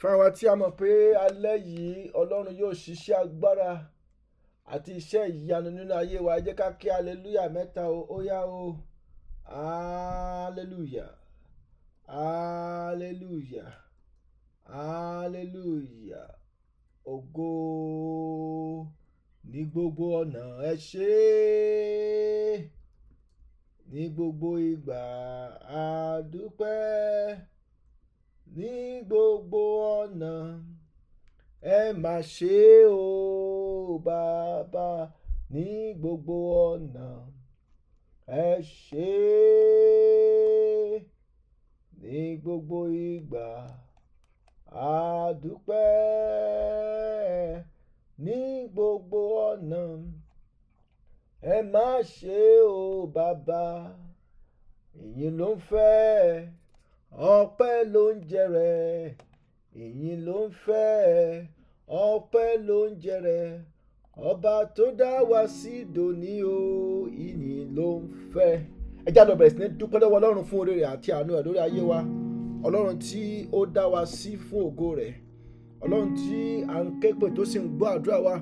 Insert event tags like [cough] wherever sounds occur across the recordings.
fún àwa tí a mọ̀ pé alẹ́ yìí ọlọ́run yóò ṣiṣẹ́ agbára àti iṣẹ́ ìyanu nínú ayé wa ẹ jẹ́ ká kí aleluya mẹ́ta o ó yá o aleluya aleluya aleluya ògo ní gbogbo ọ̀nà ẹ ṣé ní gbogbo ìgbà a dúpẹ́ ní gbogbo ọ̀nà ẹ mà ṣe o bàbá ní gbogbo ọ̀nà ẹ ṣe ní gbogbo ìgbà a ní gbogbo ọ̀nà ẹ má ṣe o bàbá èyí ló ń fẹ́ ọpẹ́ ló ń jẹrẹ ìyìn ló ń fẹ́ ọpẹ́ ló ń jẹrẹ ọba tó dá wa sí dòní o ìyìn ló ń fẹ́. ẹ jáde bẹ̀rẹ̀ sí ní dúpẹ́ lọ́wọ́ ọlọ́run fún oore rẹ̀ àti àánú rẹ̀ lórí ayé wa ọlọ́run tí ó dá wa sí fún ògo rẹ̀ ọlọ́run tí à ń ké tó sì ń gbọ́ àdúrà wa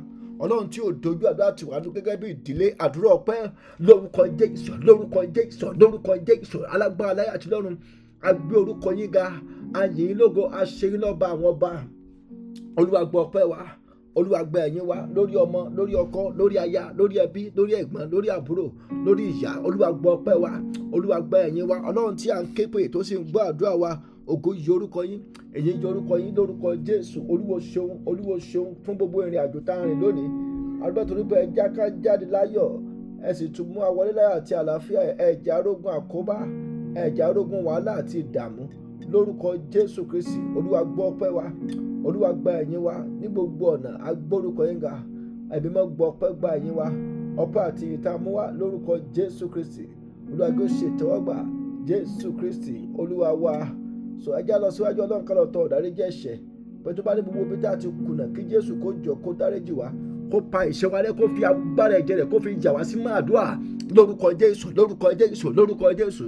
ọlọ́run tí ò dojú àdúrà tì wá gẹ́gẹ́ bí ìdílé àdúrà ọpẹ́ lórúkọ Jésù lórúkọ Jésù lórúkọ Jésù alágbára láyé àti a gbé orúkọ yín ga a yìn yín lógo a ṣe yín lọ́ba àwọn ọba olúwa gbọ́ ọpẹ́ wa olúwa gba ẹ̀yìn wa lórí ọmọ lórí ọkọ lórí aya lórí ẹbí lórí ẹ̀gbọ́n lórí àbúrò lórí ìyá olúwa gbọ́ ọpẹ́ wa olúwa gba ẹ̀yìn wa ọlọ́run tí a ń ké pè tó sì ń gbọ́ àdúrà wa ògo yìí orúkọ yín èyí yìí orúkọ yín lórúkọ jésù olúwo ṣeun olúwo ṣeun fún gbogbo ìrìn àjò tá a rìn lónìí adúgbòtòrí pé ẹja ká jáde láyọ̀ ẹ sì tún mú àwọlé láyọ̀ àti àlàáfíà ẹ̀jẹ̀ arógun àkóbá ẹ̀jà orógun wàhálà àti ìdààmú lórúkọ jésù kristi olúwa gbọ́ ọpẹ́ wa olúwa gba ẹ̀yìn wa ní gbogbo ọ̀nà agbórúkọ yín ga ẹ̀mí mọ́ gbọ́ ọpẹ́ gba ẹ̀yìn wa ọpẹ́ àti ìtààmú wa lórúkọ jésù kristi olúwa gbé ṣètọ́wọ́gbà jésù kristi olúwa wa sọ ẹjá lọ síwájú ọlọ́run kan lọ́tọ̀ ọ̀dárí jẹ́ ẹ̀ṣẹ̀ pé tó bá ní gbogbo bí tá a ti kùnà kí jésù kó jọ kó dáríjì wa kó pa ìṣẹ́ wa rẹ́ kó fi agbára ẹ̀jẹ̀ rẹ̀ kó fi jà wá sí máa dùn à lórúkọ jésù lórúkọ jésù lórúkọ jésù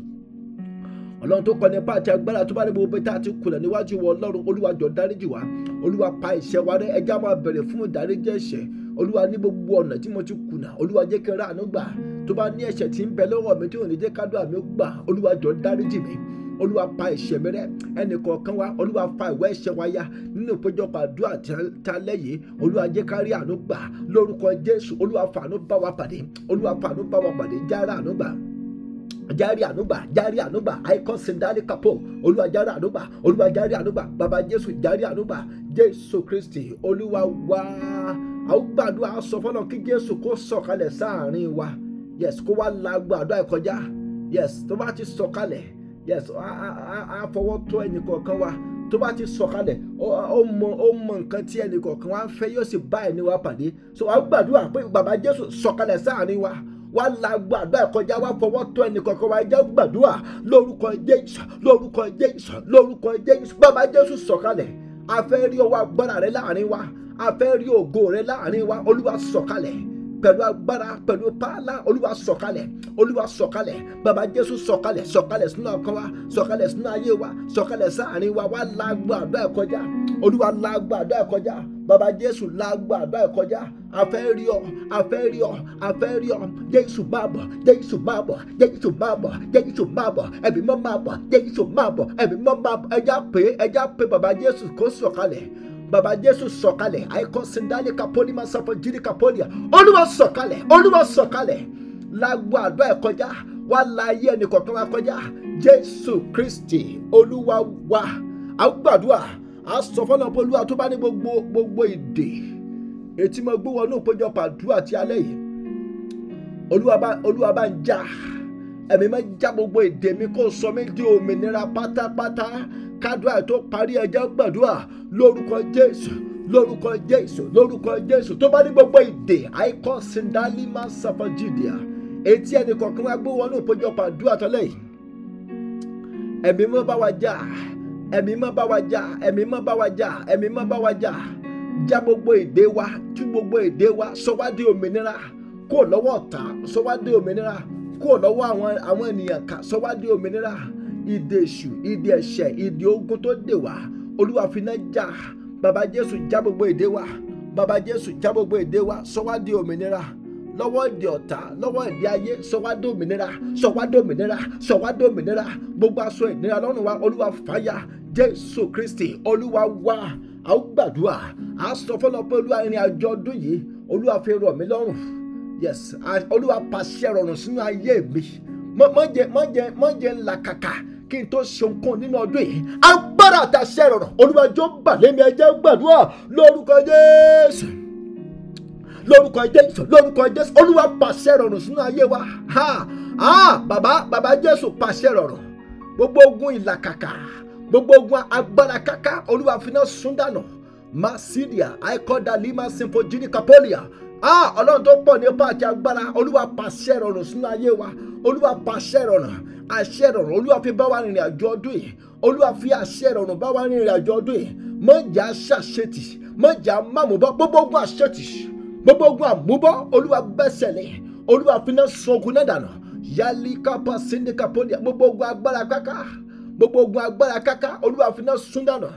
ọlọ́run tó kọ́ nípa àti agbára tó bá ní gbogbo tá a ti kulẹ̀ níwájú wọ ọlọ́run olúwa jọ dáríjì wá olúwa pa ìṣẹ́ wa rẹ́ ẹjá máa bẹ̀rẹ̀ fún ìdáríjì ẹ̀ṣẹ̀ olúwa ní gbogbo ọ̀nà tí mo ti kùnà olúwa jẹ́ kí n ráàánú gbà tó bá ní ẹ̀ṣẹ̀ tí ń bẹ lọ́wọ́ mi tí ò ní jẹ́ kádùá mi gbà olúwa dáríjì mi olúwa pa ẹ̀ṣẹ̀ mi rẹ́ ẹnìkọ̀ọ̀kan wa olúwa fa ìwé ẹ̀ṣẹ̀ wa ya nínú ìpéjọpọ̀ àdúrà ta lẹ́yìn olúwa jẹ́ kárí àánú gbà lórúkọ jésù olúwa fàánú bá wa pàdé olúwa fàánú bá wa pàdé jára àánú gbà járí ànúgbà járí ànúgbà àìkọ́ sindali kapo olúwa járí ànúgbà olúwa járí ànúgbà Baba jésù járí ànúgbà jésù kristi olúwa wa. àwọn gbàdúrà sọ fọlọ kí jésù kó sọ̀kalẹ̀ sáàrin wa yes kó wá la gbàdúrà kọjá yes tó bá ti sọ̀kalẹ̀ yes a fọwọ́ tó ẹnì kọ̀ọ̀kan wa tó bá ti sọ̀kalẹ̀ ó mọ ó mọ nǹkan tí ẹnì kọ̀ọ̀kan wa ń fẹ́ yóò sì bá ẹni wa pàdé so àwọn gbàdúrà pé bàbá jésù sọ̀kalẹ̀ sáàrin wa wà lágbo àdúrà kọjá wà fọwọ́ tó ẹnì kọ̀ọ̀kan wà jẹ́ gbàdúrà lórúkọ Jésù lórúkọ Jésù lórúkọ Jésù bàbá Jésù sọ̀kalẹ̀ a fẹ́ rí ọwọ́ agbára rẹ láàrin wa a fẹ́ rí ògo rẹ láàrin wa Olúwa sọ̀kalẹ̀ pẹ̀lú agbára pẹ̀lú pààlà olúwa sọ̀kalẹ̀ olúwa sọ̀kalẹ̀ bàbá jésù sọ̀kalẹ̀ sọ̀kalẹ̀ sínú ọkàn wa sọ̀kalẹ̀ sínú ayé wa sọ̀kalẹ̀ sáàrin wa wá lágbó àdó ẹ̀ kọjá olúwa lágbó àdó ẹ̀ kọjá bàbá jésù lágbó àdó ẹ̀ kọjá afẹ́ rí ọ afẹ́ rí ọ afẹ́ rí ọ jésù máa bọ̀ jésù máa bọ̀ jésù máa bọ̀ jésù máa bọ̀ ẹ̀mí mọ́ máa bọ̀ jésù máa bọ̀ ẹ̀mí mọ́ máa bọ̀ ẹja pé ẹja pé bàbá jésù kó sọ̀kalẹ̀ Baba jésù sọ̀kalẹ̀ àìkọ́ sindali kapoli máa sọ fún jírí kapoli olúwa sọ̀kalẹ̀ olúwa sọ̀kalẹ̀ lágbo àdó ẹ̀ kọjá wà láàyè ẹnìkọ̀ọ̀kan wa kọjá jésù kristi olúwa wa àgbàdua àsọfọ́nà polúwa tó bá ní gbogbo gbogbo ìdè ètí mo gbé wọnú ìpéjọpọ̀ àdúrà ti alẹ́ yìí olúwa bá ń já ẹ̀mí máa já gbogbo ìdè mi kó sọ mí di òmìnira pátápátá kádùá tó parí ẹjẹ́ gbàdúrà lórúkọ Jésù lórúkọ Jésù lórúkọ Jésù tó bá ní gbogbo ìdè àìkọ́ sindalima sapajidea etí ẹnì kọ̀ọ̀kan wá gbé wọnú ìpéjọpọ̀ àdúrà tọ́lẹ̀ yìí ẹ̀mí mọ́ bá wa jà ẹ̀mí mọ́ bá wa jà ẹ̀mí mọ́ bá wa jà ẹ̀mí mọ́ bá wa jà já gbogbo èdè wa tú gbogbo èdè wa sọ wá di òmìnira kó lọ́wọ́ ọ̀tá sọ òmìnira kó lọ́wọ́ àwọn ènìyàn kà sọ òmìnira ìdè èṣù ìdè ẹ̀ṣẹ̀ ìdè ogun tó dè wá olúwa finá jà bàbá jésù já gbogbo èdè wa bàbá jésù já gbogbo èdè wa sọ wá di òmìnira lọ́wọ́ ìdè ọ̀tá lọ́wọ́ ìdè ayé sọ̀wádó òmìnira sọ̀wádó òmìnira sọ̀wádó òmìnira gbogbo aṣọ ìnira lọ́rùn wa olúwa fàyà jésù kristi olúwa wá a ó gbàdúrà a sọ fọlọ pé olúwa ìrìn àjọ ọdún yìí olúwa fi rọ̀ mí lọ́rùn yes olúwa pàṣẹ rọrùn sínú ayé mi mọ̀jẹ̀ mọ̀jẹ̀ mọ̀jẹ̀ ńlá kàkà kí n tó ṣe ohunkóhun nínú ọdún yìí agbára àtàṣẹ ìrọ̀rùn olùwàjò bàlẹ́mi ẹjẹ́ gbàdúrà lórúkọ jésù lórúkọ jésù lórúkọ jésù olúwa pàṣẹ ìrọ̀rùn sínú ayé wa ha ha bàbá bàbá jésù pàṣẹ ìrọ̀rùn gbogbo ogun ìlàkàkà gbogbo ogun agbára káká olúwa finá sún dànù masidia aikọda lima symphogenic capolia ah ọlọ́run tó pọ̀ nípa àti agbára olúwa pàṣẹ ìrọ̀rùn sínú ayé wa olúwa pa àṣẹ ìrọ̀rùn àṣẹ ìrọ̀rùn olúwa fi bá wa rìnrìn àjò ọdún yìí olúwa fi àṣẹ ìrọ̀rùn bá wa rìnrìn àjò ọdún yìí mọ̀jà ṣàṣetì mọ̀jà mámúbọ́ gbogbo ogun àṣetì gbogbo ogun àmúbọ́ olúwa gbẹ́sẹ̀lẹ̀ olúwa finá sọ̀gun náà dànù yálí kápá síndékàpọ́nìyà gbogbo ogun agbára káká gbogbo ogun agbára káká olúwa finá sún dànù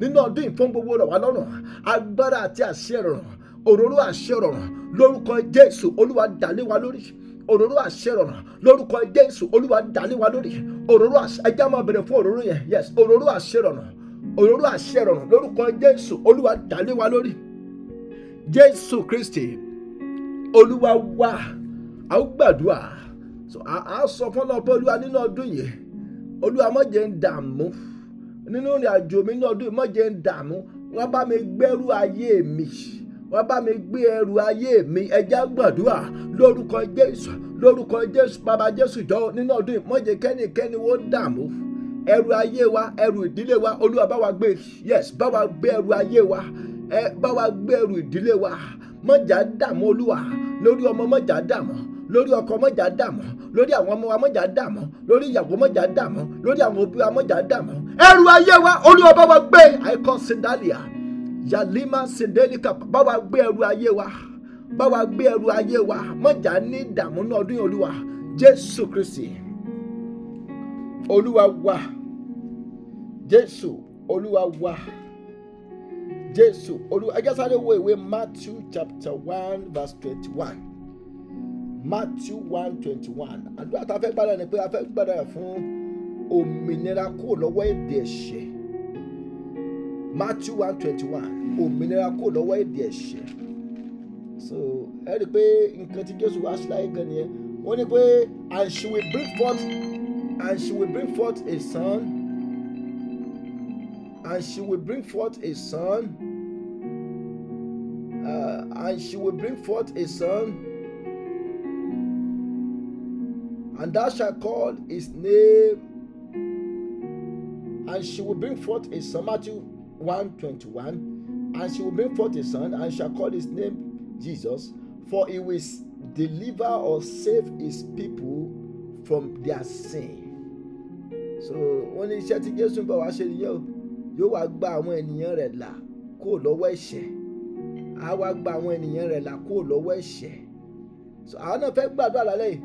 nínú ọdún ìfún gbogbo rẹ̀ wá lọ́rùn agbára àti àṣẹ ìrọ̀rùn òróró àṣẹ ìrọ̀rùn lórúkọ jésù olúwa dàlé wa lórí òróró àṣẹ rọ̀nà lórúkọ jésù olúwa dàlíwa lórí òróró àṣẹ ẹjẹ́ máa bẹ̀rẹ̀ fún òróró yẹn yes òróró àṣẹ rọ̀nà òróró àṣẹ rọ̀nà lórúkọ jésù olúwa dàlíwa lórí jésù kristi olúwa wá a ó gbàdúrà a sọ fún ọlọ́pàá olúwa nínú ọdún yìí olúwa má jẹ́ ń dààmú nínú ìrìn àjò mi náà dùn mọ́jẹ́ ń dààmú wọ́n bá mi gbẹ́rù ayé mi wọ́n bá mi gbé ẹrù ayé mi ẹja gbàdúrà lórúkọ jésù lórúkọ jésù bàbá jésù jọ nínú ọdún ìmọ̀jẹ̀ kẹ́nikẹ́ni wo dààmú ẹrù ayé wa ẹrù ìdílé wa olúwa bá wa gbé yes bá wa gbé ẹrù ayé wa ẹ bá wa gbé ẹrù ìdílé wa mọ̀jà dààmú olúwa lórí ọmọ mọ̀jà dààmú lórí ọkọ mọ̀jà dààmú lórí àwọn ọmọ wa mọ̀jà dààmú lórí ìyàwó mọ̀jà dààmú lórí àwọn òbí wa mọ̀jà dààmú ẹrù ayé wa olúwa bá wa gbé àìkọ́ sindalia yalima sindelika bá wa gbé ẹrù ayé wa bá wa gbé ẹrù ayé wa mọ̀jà ní ìdààmú ní ọdún yìí olúwa jésù kristi olúwa wa jésù olúwa wa jésù olúwa ẹ sáré wo ìwé matthew chapter one verse twenty-one matthew one twenty-one àdúrà tá a fẹ́ gbàdúrà ni pé a fẹ́ gbàdúrà fún òmìnira kúrò lọ́wọ́ èdè ẹ̀ṣẹ̀ matthew one twenty-one òmìnira kúrò lọ́wọ́ èdè ẹ̀ṣẹ̀ so ẹ rí i pé nǹkan tí Jésù wá sí láyé kan nìyẹn ó ní pé and she will bring forth and she will bring forth a son and she will bring forth a son uh, and she will bring forth a son and that shall call his name and she will bring forth a son Matthew one twenty-one and she will bring forth a son and shall call his name Jesus, for he will deliver or save his people from their sin. So wọ́n ní iṣẹ́ tí Jésù bá wá ṣe nìyẹn o, yóò wá gba àwọn ènìyàn rẹ̀ là kó lọ́wọ́ ẹ̀ṣẹ̀, á wá gba àwọn ènìyàn rẹ̀ là kó lọ́wọ́ ẹ̀ṣẹ̀. So àwọn náà fẹ́ gbàdúrà lálẹ́ yìí.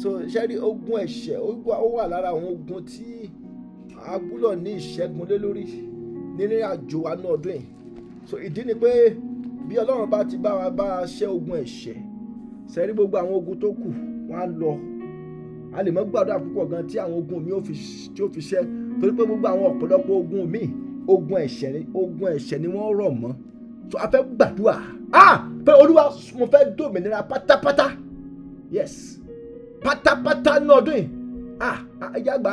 So ṣẹ́rí ogun ẹ̀ṣẹ̀ ó wà lára àwọn ogun tí a ní ìṣẹ́gun lé lórí nínú àjò wa ní ọdún yìí. So ìdí ni pé bí ọlọ́run bá ti bá wa bá a ṣẹ́ ogun ẹ̀ṣẹ̀ sẹ́rí gbogbo àwọn ogun tó kù wọ́n á lọ a lè mọ́ gbàdúrà púpọ̀ gan tí àwọn ogun mi tí ó fi ṣẹ́ torí pé gbogbo àwọn ọ̀pọ̀lọpọ̀ ogun mi ogun ẹ̀ṣẹ̀ ni ogun ẹ̀ṣẹ̀ ni wọ́n rọ̀ mọ́ so a fẹ́ gbàdúrà ah pé olúwa mo fẹ́ dòmìnira pátápátá yes pátápátá ní ọdún yìí ah ẹja gbà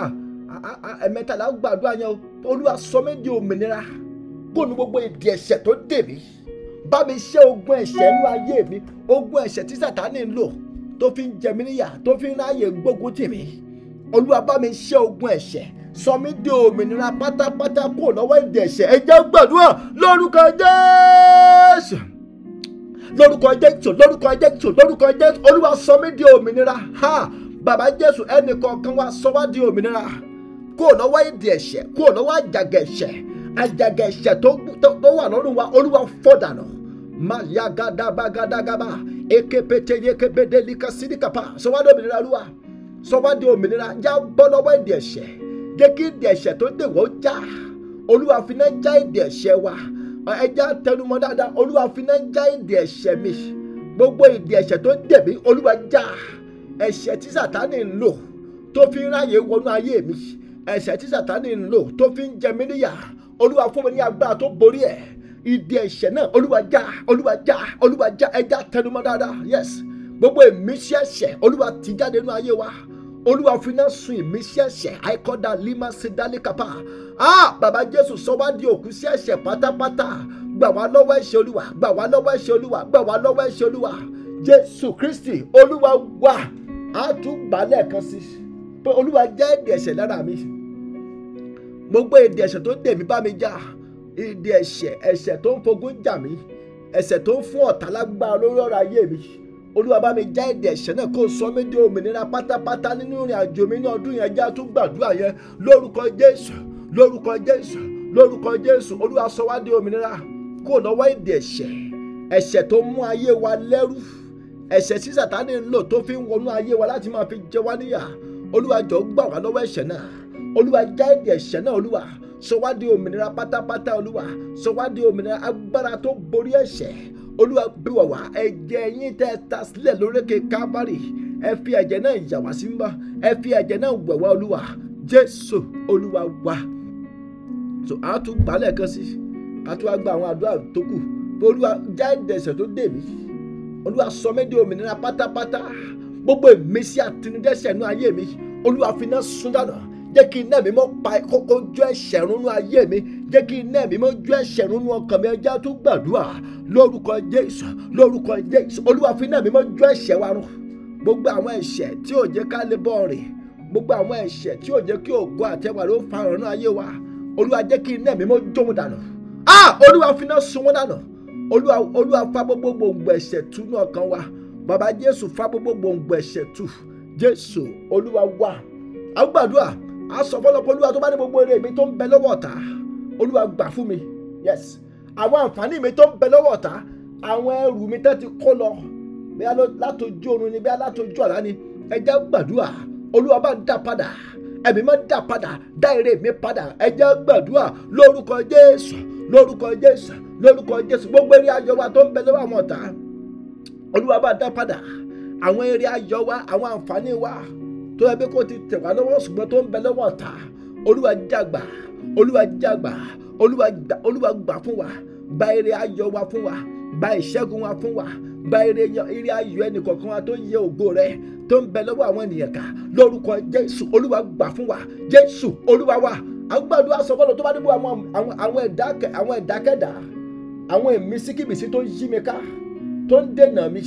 ẹ̀mẹ́ta là ń gbàdúrà yẹn olúwa sọ mí di òmìnira kó nu gbogbo ìdí ẹ̀ṣẹ̀ tó dè mí bá mi ṣẹ́ ogun ẹ̀ṣẹ̀ nínú ayé mi ogun ẹ̀ṣẹ̀ tí sátánì ń lò tó fi ń jẹ mí níyà tó fi ń ráàyè gbógun tì mí olúwa bá mi ṣẹ́ ogun ẹ̀ṣẹ̀ sọ mí di òmìnira pátápátá kúrò lọ́wọ́ ìdè ẹ̀ṣẹ̀ ẹ jẹ́ gbàdúrà lórúkọ jésù lórúkọ jésù lórúkọ jésù lórúkọ jésù olúwa sọ mí di òmìnira ha bàbá jésù ẹnìkọ̀ọ̀kan wa sọ wá di òmìnira kúrò lọ́wọ́ ìdè ẹ̀ṣẹ̀ kúrò lọ́wọ́ àjàgà ẹ̀ṣẹ̀ tó wà lọ́rùn wa olúwa fọ́ mayagadabagadaga ekepete yekebedelika sinikapa sọ wá di òmìnira lúwa sọ wá di òmìnira já bọ́ lọ́wọ́ ìdí ẹ̀ṣẹ̀ jẹ́ kí ìdí ẹ̀ṣẹ̀ tó dè wọ́n já olúwa fi náà já ìdí ẹ̀ṣẹ̀ wa ẹja tẹnumọ́ dáadáa olúwa fi náà já ìdí ẹ̀ṣẹ̀ mi gbogbo ìdí ẹ̀ṣẹ̀ tó dè mí olúwa já ẹ̀ṣẹ̀ tí sàtánì ń lò tó fi ń ráyè wọnú ayé mi ẹ̀ṣẹ̀ tí sàtánì ń lò tó fi ń jẹ mí níyà olúwa fún mi ní agbára tó borí ẹ̀ ìdí ẹ̀ṣẹ̀ náà olúwa já olúwa já olúwa já ẹja tẹnumọ́ dáadáa yes gbogbo ìmísí ẹ̀ṣẹ̀ olúwa ti jáde nínú ayé wa olúwa fi náà sun ìmísí ẹ̀ṣẹ̀ àìkọ́dà lima sidali kapa ah bàbá jésù sọ wá di òkú sí ẹ̀ṣẹ̀ pátápátá gbà wá lọ́wọ́ ẹ̀ṣẹ̀ olúwa gbà wá lọ́wọ́ ẹ̀ṣẹ̀ olúwa gbà wá lọ́wọ́ ẹ̀ṣẹ̀ olúwa jésù kristi olúwa wà á tún gbà lẹ́ẹ̀kan sí olúwa jẹ́ èdè ẹ̀ṣẹ̀ lára mi mo gbé ẹ̀ṣẹ̀ tó dè mí bá mi já ìdí ẹ̀ṣẹ̀ ẹ̀ṣẹ̀ tó ń fogún jà mí ẹ̀ṣẹ̀ tó ń fún ọ̀tá lágbára lórí ọ̀rọ̀ ayé mi olúwa bá mi já èdè ẹ̀ṣẹ̀ náà kó sọ mí di òmìnira pátápátá nínú ìrìn àjò mi ní ọdún yẹn já tún gbàdúrà yẹn lórúkọ jésù lórúkọ jésù lórúkọ jésù olúwa sọ wá di òmìnira kó lọ́wọ́ èdè ẹ̀ṣẹ̀ ẹ̀ṣẹ̀ tó mú ayé wa lẹ́rú ẹ̀ṣẹ̀ tí Sátánì ń lò tó fi ń wọnú ayé wa láti máa fi jẹ wá níyà olúwa jọ̀ọ́ gbà wá lọ́wọ́ ẹ̀ṣẹ̀ náà olúwa já èdè ẹ̀ṣẹ̀ náà olúwa sọ wá di òmìnira pátápátá olúwa sọ wá di òmìnira agbára tó borí ẹ̀ṣẹ̀ olúwa bí wà wá ẹ̀jẹ̀ yín tẹ́ ẹ ta sílẹ̀ lórékè kábàrì ẹ fi ẹ̀jẹ̀ náà yà wá sí mímọ́ ẹ fi ẹ̀jẹ̀ náà wẹ̀ wá olúwa jésù olúwa wa so a tún gbalẹ̀ kan sí a tún wá gba àwọn àdúrà tó kù pé olúwa jáde ẹ̀ṣẹ̀ tó dè mí olúwa sọ mí di òmìnira pátápátá gbogbo ìmísí àtinúdẹ́ṣẹ̀ inú ayé mi olúwa fi náà sún dànù jẹ́ kí iná mímọ́ pa kókó jó ẹ̀ṣẹ̀ run ayé mi jẹ́ kí iná mímọ́ jó ẹ̀ṣẹ̀ run nú ọkàn mi ẹja tún gbàdúrà lórúkọ Jésù lórúkọ Jésù olúwa fi iná mímọ́ jó ẹ̀ṣẹ̀ wa run gbogbo àwọn ẹ̀ṣẹ̀ tí ò jẹ́ ká lè bọ́ rìn gbogbo àwọn ẹ̀ṣẹ̀ tí ò jẹ́ kí ògo àtẹwà ló farahàn nínú ayé wa olúwa jẹ́ kí iná mímọ́ jó wọn dànù ah olúwa fi iná sun wọn dànù olúwa olúwa fa gbogbo gbòǹgbò ẹ̀ṣẹ̀ tú ní ọkàn wa bàbá jésù fa gbogbo gbòǹgbò ẹ̀ṣẹ̀ tú jésù olúwa wa àgbàdua a sọ fọlọpọ olúwa tó bá ní gbogbo èrè mi tó ń bẹ lọ́wọ́ ọ̀tá olúwa gbà fún mi yes àwọn àǹfààní mi tó ń bẹ lọ́wọ́ ọ̀tá àwọn ẹrù mi tẹ́ ti kó lọ bí a látojú oorun ni bí a látojú àlá ni ẹjẹ́ gbàdúrà olúwa bá ń dá padà ẹ̀mí máa ń dá padà dá èrè mi padà ẹjẹ́ gbàdúrà lórúkọ jésù lórúkọ jésù lórúkọ jésù gbogbo eré ayọ̀ wa tó ń bẹ lọ́wọ́ àwọn ọ̀tá olúwa bá dá padà àwọn eré ayọ̀ wa àwọn àǹfààní wa tó yẹ pé kó ti tẹ̀ wá lọ́wọ́ ṣùgbọ́n tó ń bẹ lọ́wọ́ ọ̀tá olúwa jàgbà olúwa jàgbà olúwa gbà fún wa gba ire ayọ̀ wa fún wa gba ìṣẹ́gun wa fún wa gba ire ire ayọ̀ ẹnì kọ̀ọ̀kan wa tó ń yẹ ògo rẹ tó ń bẹ lọ́wọ́ àwọn ènìyàn ká lórúkọ jésù olúwa gbà fún wa jésù olúwa wa agbádùn asọ̀bọ̀lọ̀ tó bá dé bó àwọn ẹ̀dákẹ́dá àwọn ìmísíkìmísí tó ń yí mi ká tó ń dènà mi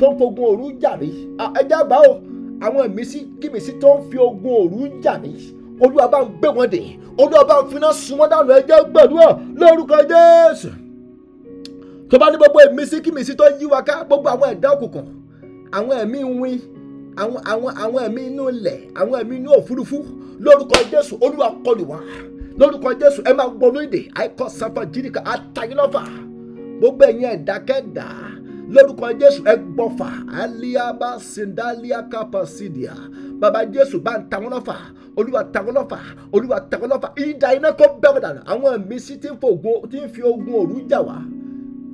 tó ń fogun òru jà mí bá o àwọn ìmísí kìmísí tó ń fi ogun òru ń jà mí olúwa bá ń gbé wọn dè olúwa bá ń finá sun wọn dànù ẹ jẹ́ gbàdúrà lórúkọ jésù tó bá ní gbogbo ìmísí kìmísí tó yí wa ká gbogbo àwọn ẹ̀dá òkùnkùn àwọn ẹ̀mí wín àwọn àwọn àwọn ẹ̀mí inú ilẹ̀ àwọn ẹ̀mí inú òfurufú lórúkọ jésù olúwa kọlù wọn lórúkọ jésù ẹ máa gbọnú ìdè àìkọ sanfa jírika àtàyínlọ́fà gbogbo ẹ̀yin ẹ̀dá kẹ́dàá lórúkọ jésù ẹgbọ́fà aliaba sindalia kapasidia baba jésù bá ń ta wọn lọ́fà olúwa ta wọn lọ́fà olúwa ta wọn lọ́fà ìdá iná kó bẹ́ wọn dànù àwọn ẹ̀mí sí ti ń fi ogun òru jà wá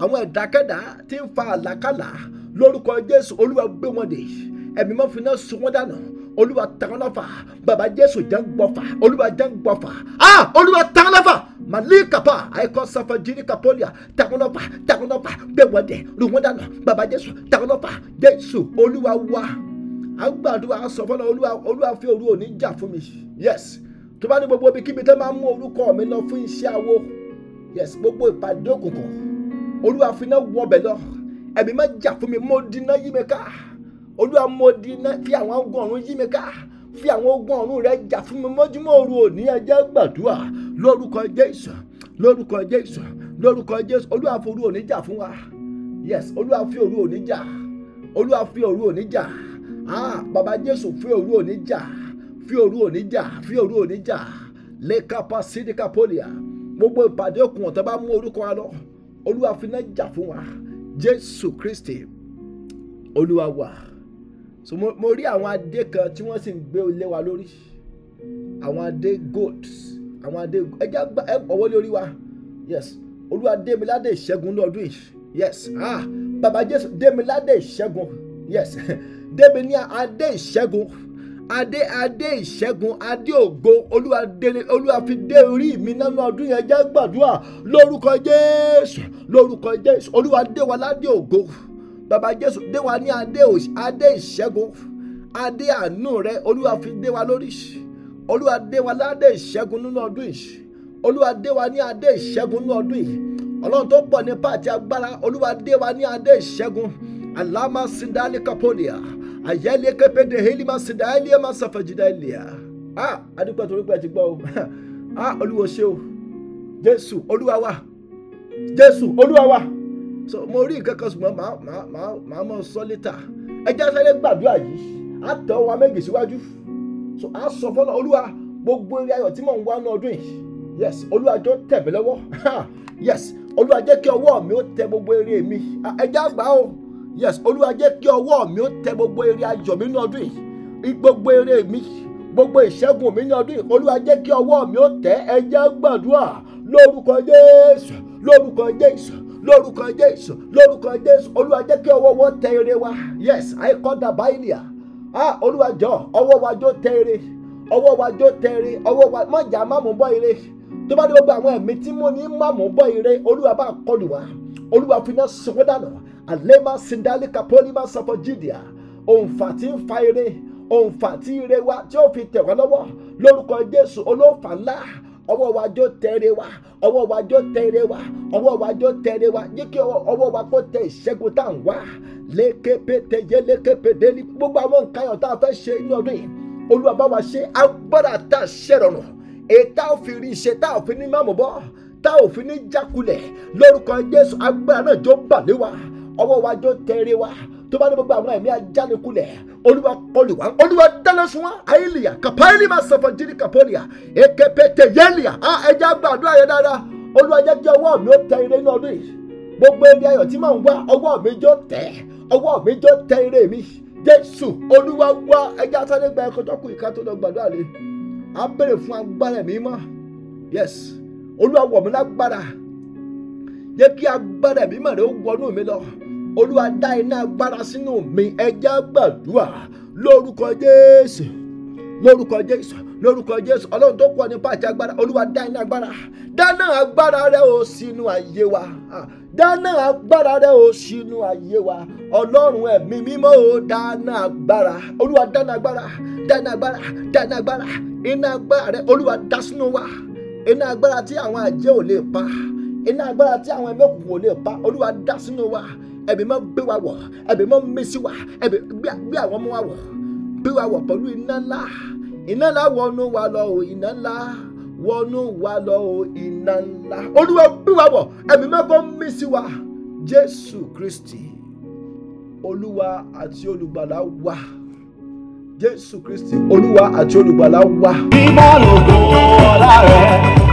àwọn ẹ̀dákẹ́dá ti ń fa àlàkàlà lórúkọ jésù olúwa gbé wọn dè ẹ̀mí mọ́ fi náà sun dànù olúwa tàn lọ́fà bàbá jésù jẹ́ ń gbọ́fà olúwa jẹ́ ń gbọ́fà ah olúwa tàn lọ́fà malikapa àìkọ́ sanfẹ́ jírí kapolia tàn lọ́fà tàn lọ́fà gbẹ̀wọ̀dẹ̀ rúwọ́dànà bàbá jésù tàn lọ́fà jésù olúwa wá agbàdúrà sọ fọlọ olúwa olúwa fi òru òní jà fún mi yes tó bá ní gbogbo ibi kíbi tẹ́ máa ń mú orúkọ mi lọ fún iṣẹ́ awo yes gbogbo ìpàdé òkùnkùn olúwa fi náà wọbẹ̀ lọ ẹ̀mí má jà fún mi mo dínà yí mi ká olúwa mo di iná tí àwọn ogun ọ̀run yí mi ká fi àwọn ogun ọ̀run rẹ jà fún mi mọ́júmọ́ òru òní ẹjẹ́ gbàdúrà lórúkọ jésù lórúkọ jésù lórúkọ jésù olúwa fi òru òní jà fún wa yes olúwa fi òru òní jà olúwa fi òru òní jà ah bàbá jésù fi òru òní jà fi òru òní jà fi òru òní jà lẹ́kàpá sídìkàpọ́lìà gbogbo ìpàdé òkun ọ̀tá bá mú orúkọ wa lọ olúwa fi náà jà fún wa jésù kristi olúwa wa so mo, mo rí àwọn adé kan tí wọ́n sì ń gbé olé wa lórí àwọn adé gold àwọn adé ẹja gba ẹ ọwọ́ lórí wa yes olúwa démiládé ìṣẹ́gun lọ́dún yìí yes ah bàbá jésù démiládé ìṣẹ́gun yes [laughs] démi ní adé ìṣẹ́gun adé adé ìṣẹ́gun adé ògo olúwa délé olúwa fi dé orí mi nínú ọdún yẹn jẹ́ gbàdúrà lórúkọ jésù lórúkọ jésù olúwa dé wa ládé ògo. Baba jésù dé wa ní adé adé ìṣẹ́gun adé àánú rẹ olúwa fi dé wa lórí olúwa dé wa ládé ìṣẹ́gun nínú ọdún yìí olúwa dé wa ní adé ìṣẹ́gun nínú ọdún yìí ọlọ́run tó pọ̀ nípa àti agbára olúwa dé wa ní adé ìṣẹ́gun alama sindali kapolia ayẹlẹ kẹpẹdẹ helima sindali ẹ ma e sàfẹjìdá ẹlẹà ah adúgbò torí pé ẹ ti gbọ́ o ah [laughs] olúwa ṣe o jésù olúwa wa jésù olúwa wa so mo rí nǹkan kan ṣùgbọ́n màá màá màá màá mọ̀ sọ létà ẹ jẹ́ sáré gbàdúrà yìí á tẹ̀ wá méjì síwájú so á sọ fọlọ́ olúwa gbogbo eré ayọ̀ tí mò ń wá ní ọdún yìí yes olúwa jọ tẹ̀ mí lọ́wọ́ [laughs] yes olúwa jẹ́ kí ọwọ́ mi ó tẹ gbogbo eré mi ẹ jẹ́ àgbà o yes olúwa jẹ́ kí ọwọ́ mi ó tẹ gbogbo eré ayọ̀ mi ní ọdún yìí gbogbo eré mi gbogbo ìṣẹ́gun mi ní ọdún yìí olúwa jẹ́ kí ọwọ́ mi ó tẹ ẹ jẹ́ gbàdúrà lórúkọ jésù lórúkọ jésù lórúkọ jésù lórúkọ jésù olúwa jẹ́ kí ọwọ́ wọn tẹ ire wa yes I call ah olúwa Ah, ọwọ́ wa jó tẹ ire ọwọ́ wa jó tẹ ire ọwọ́ wa má jà má mú bọ́ ire tó bá dé gbogbo àwọn ẹ̀mí tí mo ní má mú bọ́ ire olúwa bá kọlù wa olúwa fi náà sọ wọ́n dànù àlẹ́mà sindali kapolima sọ̀fọ̀ jìdìá òǹfà tí ń fa ire òǹfà tí ire wa tí ó fi tẹ̀ lọ́wọ́ lórúkọ jésù olóòfà ńlá ọwọ́ wa jó tẹ̀rẹ̀ wa ọwọ́ wa jó tẹ̀rẹ̀ wa ọwọ́ wa jó tẹ̀rẹ̀ wa jẹ́ kí ọwọ́ wa kó tẹ ìṣẹ́gun tá à ń wá lékepete yé lékepete ní gbogbo àwọn nǹkan ayọ̀ tá a fẹ́ ṣe ní ọdún yìí Olúwa bá wa ṣe agbára tá a ṣèrànà ètà òfin rí ṣe tá òfin ní máàmù bọ́ tá òfin ní jákulẹ̀ lórúkọ Jésù agbára náà jó bà wa ọwọ́ wa jó tẹ̀rẹ̀ wa tó bá ní gbogbo àwọn ẹ̀mí ajánikulẹ̀ olúwa pọ̀lì wá olúwa dáná sun wá àìlìyà kàpáìlì máa sọ̀fọ̀ jírí kàpọ́lìyà èkepete yẹ́lìyà á ẹja gbàdúrà yẹn dáadáa olúwa jẹ́ kí ọwọ́ mi ó tẹ ire ní ọdún yìí gbogbo ẹni ayọ̀ tí màá ń wá ọwọ́ mi jọ tẹ̀ ọwọ́ mi jọ tẹ ire mi jésù olúwa wá ẹja sáré gba ẹkọ tọkùn ìka tó lọ gbàdúrà lé á bèrè fún agbára mi mọ́ yes olúwa wọ̀ mí lágbára jẹ́ kí agbára mi mọ̀ rẹ̀ ó wọnú mi lọ olúwa dá iná agbára sínú mi ẹjẹ́ gbàdúrà lórúkọ jésù lórúkọ jésù lórúkọ jésù ọlọ́run tó pọ̀ nípa àti agbára olúwa dá iná agbára dáná agbára rẹ ò sínú ayé wa dáná agbára rẹ ò sínú ayé wa ọlọ́run ẹ̀mí mímọ́ ò dáná agbára olúwa dáná agbára dáná agbára dáná agbára iná agbára rẹ olúwa dá sínú wa iná agbára tí àwọn àjẹ́ ò lè pa iná agbára tí àwọn ẹgbẹ́ òkùnkùn ò lè pa olúwa dá sínú wa ẹ̀mí mọ́ gbé wa wọ̀ ẹ̀mí mọ́ mẹ́sí wa ẹ̀mí gbé àwọn ọmọ wa wọ̀ gbé wa wọ̀ pẹ̀lú iná ńlá iná ńlá wọnú wa lọ o iná ńlá wọnú wa lọ o iná ńlá olúwa gbé wa wọ̀ ẹ̀mí mọ́ kọ́ mẹ́sí wa jésù kristi olúwa àti olùgbàlà wa jésù kristi olúwa àti olùgbàlà wa. mímọ́ lògo ọlá rẹ̀.